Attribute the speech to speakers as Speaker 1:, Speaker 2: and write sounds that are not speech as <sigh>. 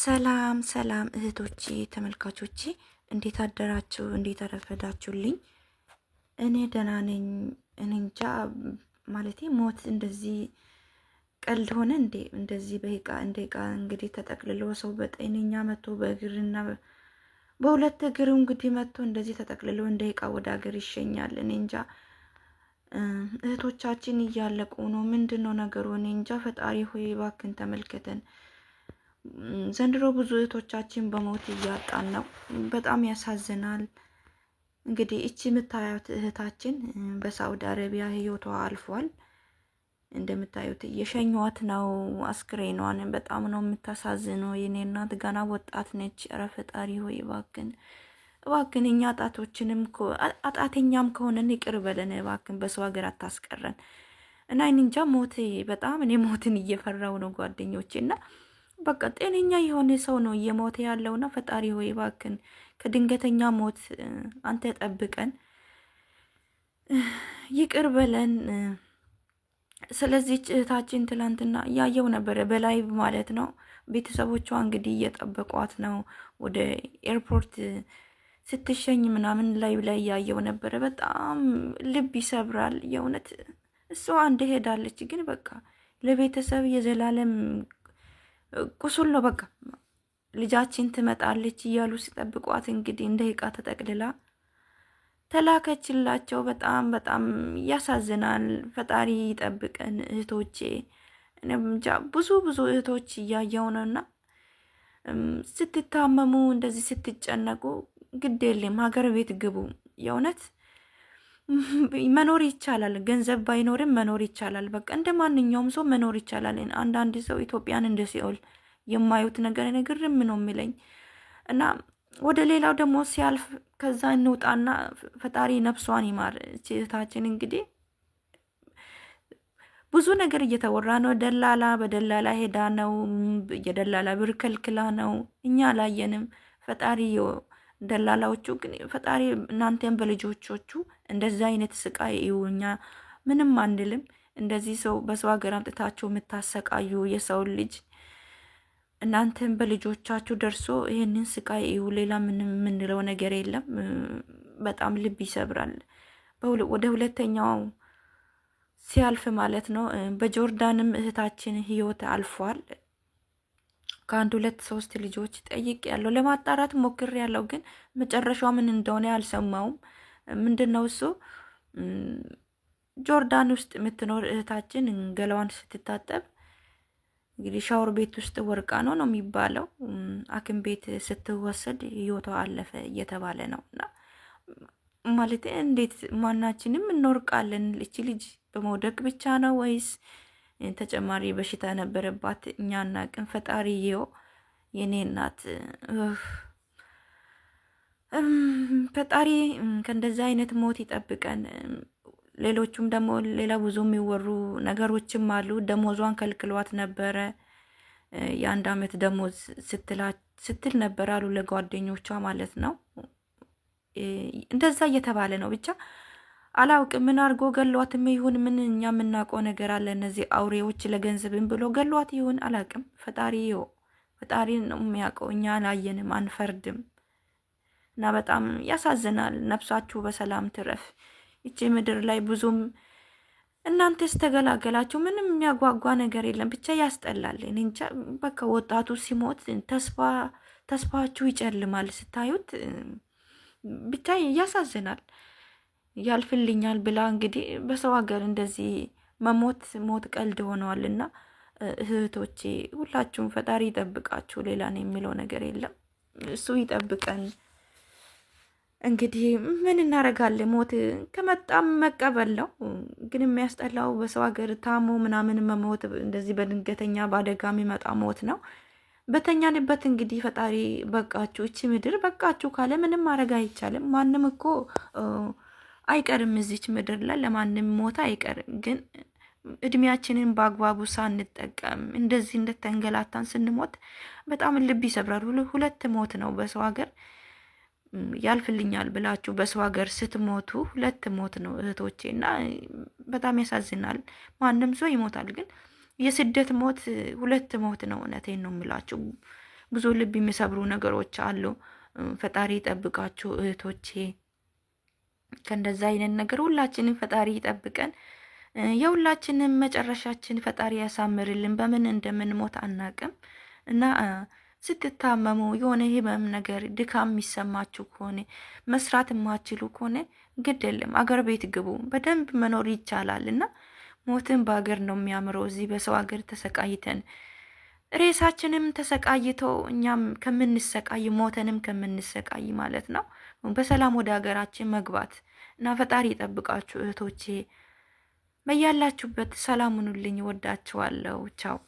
Speaker 1: ሰላም ሰላም እህቶቼ ተመልካቾቼ፣ እንዴት አደራችሁ? እንዴት አረፈዳችሁልኝ? እኔ ደህና ነኝ። እንጃ ማለቴ ሞት እንደዚህ ቀልድ ሆነ እንዴ? እንደዚህ በቃ እንደ ቃ እንግዲህ ተጠቅልሎ ሰው በጤነኛ መጥቶ በእግርና በሁለት እግሩ እንግዲህ መጥቶ እንደዚህ ተጠቅልሎ እንደ ቃ ወደ ሀገር ይሸኛል። እኔ እንጃ እህቶቻችን እያለቁ ነው። ምንድን ነው ነገሩ? እኔ እንጃ። ፈጣሪ ሆይ እባክን ተመልከተን። ዘንድሮ ብዙ እህቶቻችን በሞት እያጣን ነው። በጣም ያሳዝናል። እንግዲህ እቺ የምታዩት እህታችን በሳውዲ አረቢያ ህይወቷ አልፏል። እንደምታዩት እየሸኟት ነው አስክሬኗን። በጣም ነው የምታሳዝነው። የኔ እናት ገና ወጣት ነች። ኧረ ፈጣሪ ሆይ እባክን እባክን እኛ አጣቶችንም አጣተኛም ከሆነን ይቅር በለን እባክን፣ በሰው ሀገር አታስቀረን እና እንጃ ሞት በጣም እኔ ሞትን እየፈራው ነው ጓደኞቼ እና በቃ ጤነኛ የሆነ ሰው ነው እየሞተ ያለውና ፈጣሪ ሆይ እባክን ከድንገተኛ ሞት አንተ ጠብቀን፣ ይቅር በለን። ስለዚህ እህታችን ትላንትና እያየው ነበረ በላይቭ ማለት ነው። ቤተሰቦቿ እንግዲህ እየጠበቋት ነው። ወደ ኤርፖርት ስትሸኝ ምናምን ላይቭ ላይ እያየው ነበረ። በጣም ልብ ይሰብራል የእውነት እሷ እንደሄዳለች ግን በቃ ለቤተሰብ የዘላለም ቁሱን ነው በቃ ልጃችን ትመጣለች እያሉ ሲጠብቋት እንግዲህ እንደ ዕቃ ተጠቅልላ ተላከችላቸው። በጣም በጣም ያሳዝናል። ፈጣሪ ይጠብቀን እህቶቼ። እንጃ ብዙ ብዙ እህቶች እያየው ነውና ስትታመሙ እንደዚህ ስትጨነቁ ግድ የለም ሀገር ቤት ግቡ የእውነት <laughs> መኖር ይቻላል። ገንዘብ ባይኖርም መኖር ይቻላል። በቃ እንደ ማንኛውም ሰው መኖር ይቻላል። አንዳንድ ሰው ኢትዮጵያን እንደ ሲኦል የማዩት ነገር ንግርም ነው የሚለኝ እና ወደ ሌላው ደግሞ ሲያልፍ ከዛ እንውጣና ፈጣሪ ነፍሷን ይማር። እህታችን እንግዲህ ብዙ ነገር እየተወራ ነው። ደላላ በደላላ ሄዳ ነው የደላላ ብር ከልክላ ነው። እኛ አላየንም። ፈጣሪ ደላላዎቹ ግን ፈጣሪ እናንተን በልጆቻችሁ እንደዚህ አይነት ስቃይ ይውኛ ምንም አንልም። እንደዚህ ሰው በሰው ሀገር አምጥታችሁ የምታሰቃዩ የሰው ልጅ እናንተን በልጆቻችሁ ደርሶ ይህንን ስቃይ ይው። ሌላ ምንም የምንለው ነገር የለም። በጣም ልብ ይሰብራል። ወደ ሁለተኛው ሲያልፍ ማለት ነው። በጆርዳንም እህታችን ህይወት አልፏል። ከአንድ ሁለት ሶስት ልጆች ጠይቅ ያለው ለማጣራት ሞክር ያለው ግን መጨረሻው ምን እንደሆነ አልሰማውም። ምንድን ነው እሱ ጆርዳን ውስጥ የምትኖር እህታችን ገላዋን ስትታጠብ እንግዲህ ሻወር ቤት ውስጥ ወርቃ ነው ነው የሚባለው ሐኪም ቤት ስትወሰድ ህይወቷ አለፈ እየተባለ ነው። እና ማለት እንዴት ማናችንም እንወርቃለን? እቺ ልጅ በመውደቅ ብቻ ነው ወይስ ተጨማሪ በሽታ ነበረባት። እኛ ፈጣሪ ፈጣሪዬው የኔ እናት ፈጣሪ ከእንደዚህ አይነት ሞት ይጠብቀን። ሌሎቹም ደግሞ ሌላ ብዙ የሚወሩ ነገሮችም አሉ። ደሞዟን ከልክሏት ነበረ። የአንድ አመት ደሞዝ ስትል ነበር አሉ ለጓደኞቿ ማለት ነው። እንደዛ እየተባለ ነው ብቻ አላውቅ ምን አድርጎ ገሏትም ይሁን ምን እኛ የምናውቀው ነገር አለ። እነዚህ አውሬዎች ለገንዘብም ብሎ ገሏት ይሁን አላውቅም። ፈጣሪ ይኸው ፈጣሪ ነው የሚያውቀው። እኛ አላየንም፣ አንፈርድም። እና በጣም ያሳዝናል። ነፍሳችሁ በሰላም ትረፍ። ይቺ ምድር ላይ ብዙም እናንተስ ተገላገላችሁ። ምንም የሚያጓጓ ነገር የለም። ብቻ ያስጠላል። እንጃ በቃ ወጣቱ ሲሞት ተስፋ ተስፋችሁ ይጨልማል ስታዩት፣ ብቻ ያሳዝናል። ያልፍልኛል ብላ እንግዲህ በሰው ሀገር እንደዚህ መሞት ሞት ቀልድ ሆነዋል። እና እህቶቼ ሁላችሁም ፈጣሪ ይጠብቃችሁ። ሌላ ነው የሚለው ነገር የለም። እሱ ይጠብቀን። እንግዲህ ምን እናደርጋለን? ሞት ከመጣም መቀበል ነው። ግን የሚያስጠላው በሰው ሀገር ታሞ ምናምን መሞት እንደዚህ በድንገተኛ በአደጋ የሚመጣ ሞት ነው። በተኛንበት እንግዲህ ፈጣሪ በቃችሁ፣ እቺ ምድር በቃችሁ ካለ ምንም ማድረግ አይቻልም። ማንም እኮ አይቀርም እዚች ምድር ላይ ለማንም ሞት አይቀርም። ግን እድሜያችንን በአግባቡ ሳንጠቀም እንደዚህ እንደተንገላታን ስንሞት በጣም ልብ ይሰብራል። ሁለት ሞት ነው በሰው ሀገር ያልፍልኛል ብላችሁ በሰው ሀገር ስትሞቱ ሁለት ሞት ነው እህቶቼ፣ እና በጣም ያሳዝናል። ማንም ሰው ይሞታል፣ ግን የስደት ሞት ሁለት ሞት ነው። እውነቴን ነው የምላችሁ። ብዙ ልብ የሚሰብሩ ነገሮች አሉ። ፈጣሪ ጠብቃችሁ እህቶቼ። ከእንደዛ አይነት ነገር ሁላችንን ፈጣሪ ይጠብቀን። የሁላችንም መጨረሻችን ፈጣሪ ያሳምርልን። በምን እንደምንሞት አናቅም እና ስትታመሙ የሆነ ህመም ነገር ድካም የሚሰማችሁ ከሆነ መስራት የማችሉ ከሆነ ግድ የለም አገር ቤት ግቡ። በደንብ መኖር ይቻላል እና ሞትን በሀገር ነው የሚያምረው። እዚህ በሰው ሀገር ተሰቃይተን ሬሳችንም ተሰቃይቶ እኛም ከምንሰቃይ ሞተንም ከምንሰቃይ ማለት ነው በሰላም ወደ ሀገራችን መግባት እና ፈጣሪ ይጠብቃችሁ እህቶቼ። በያላችሁበት ሰላም ሁኑልኝ። ወዳችኋለሁ። ቻው